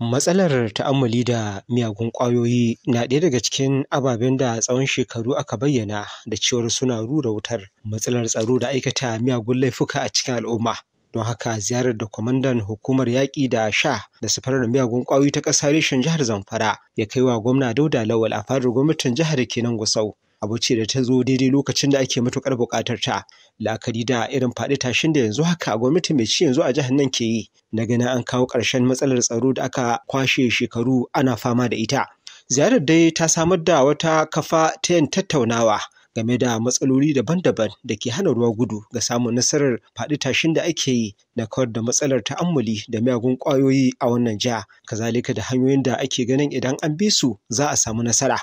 Matsalar ta'ammali da miyagun ƙwayoyi na ɗaya daga cikin ababen da tsawon shekaru aka bayyana da cewar suna rura wutar matsalar tsaro da aikata miyagun laifuka a cikin al'umma. Don haka ziyarar da kwamandan hukumar yaƙi da sha da safarar miyagun ƙwayoyi ta ƙasa reshen jihar Zamfara ya kai wa gwamna Dauda Lawal a fadar gwamnatin jihar kenan Gusau abu ce da ta zo daidai lokacin da ake matuƙar buƙatar ta la'akari da irin faɗi tashin da yanzu haka gwamnati mai ci yanzu a jihar nan ke yi na ganin an kawo ƙarshen matsalar tsaro da aka kwashe shekaru ana fama da ita ziyarar dai ta samar da wata kafa ta yin tattaunawa game da matsaloli daban-daban da ke hana ruwa gudu ga samun nasarar faɗi tashin da ake yi na kawar da matsalar ta'ammuli da miyagun ƙwayoyi a wannan jiha kazalika da hanyoyin da ake ganin idan an bi su za a samu nasara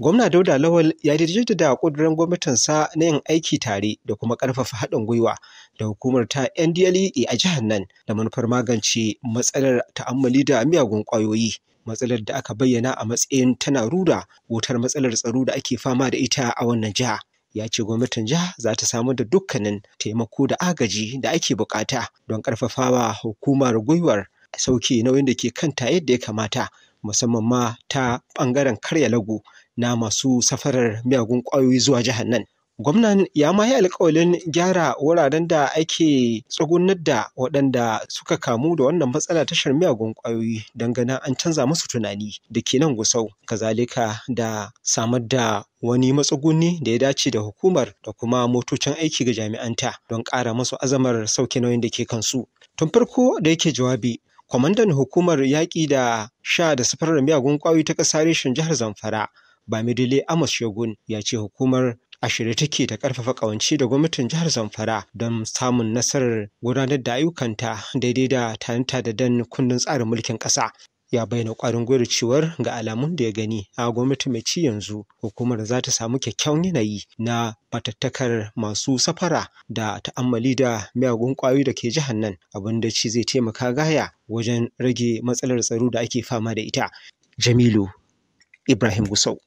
Gwamna Dauda Lawal ya da ƙudurin gwamnatinsa na yin aiki tare da kuma ƙarfafa haɗin gwiwa da hukumar ta NDLEA a jihar nan da manufar magance matsalar ta'ammali da miyagun ƙwayoyi. Matsalar da aka bayyana a matsayin tana ruda wutar matsalar tsaro da ake fama da ita a wannan jiha. ya ce gwamnatin jiha za ta samar da dukkanin taimako da agaji da ake buƙata don ƙarfafawa hukumar gwiwar sauke nauyin da ke kanta yadda ya kamata musamman ma ta ɓangaren karya lagu na masu safarar miyagun ƙwayoyi zuwa jihar nan. Gwamnan ya ma yi alƙawalin gyara wuraren da ake tsugunar da waɗanda suka kamu da wannan matsala tashar miyagun ƙwayoyi don ganin an canza musu tunani da ke nan gusau, kazalika da samar da wani matsuguni da ya dace da hukumar da kuma motocin aiki ga jami'anta don ƙara musu azamar sauke nauyin da ke kansu. Tun farko da yake jawabi, kwamandan hukumar yaƙi da sha da safarar miyagun ƙwayoyi ta ƙasa reshen jihar Zamfara Bamidele Amos Shogun ya ce hukumar a shirye take ta karfafa kawanci da gwamnatin jihar Zamfara don samun nasarar gudanar da ayyukanta daidai da tanta da dan kundin tsarin mulkin ƙasa. Ya bayyana kwarin gwiwar cewar ga alamun da ya gani a gwamnati mai ci yanzu hukumar za ta samu kyakkyawan yanayi na matattakar masu safara da ta'ammali da miyagun ƙwayoyi da ke jihar nan abin da ci zai taimaka gaya wajen rage matsalar tsaro da ake fama da ita. Jamilu Ibrahim Gusau.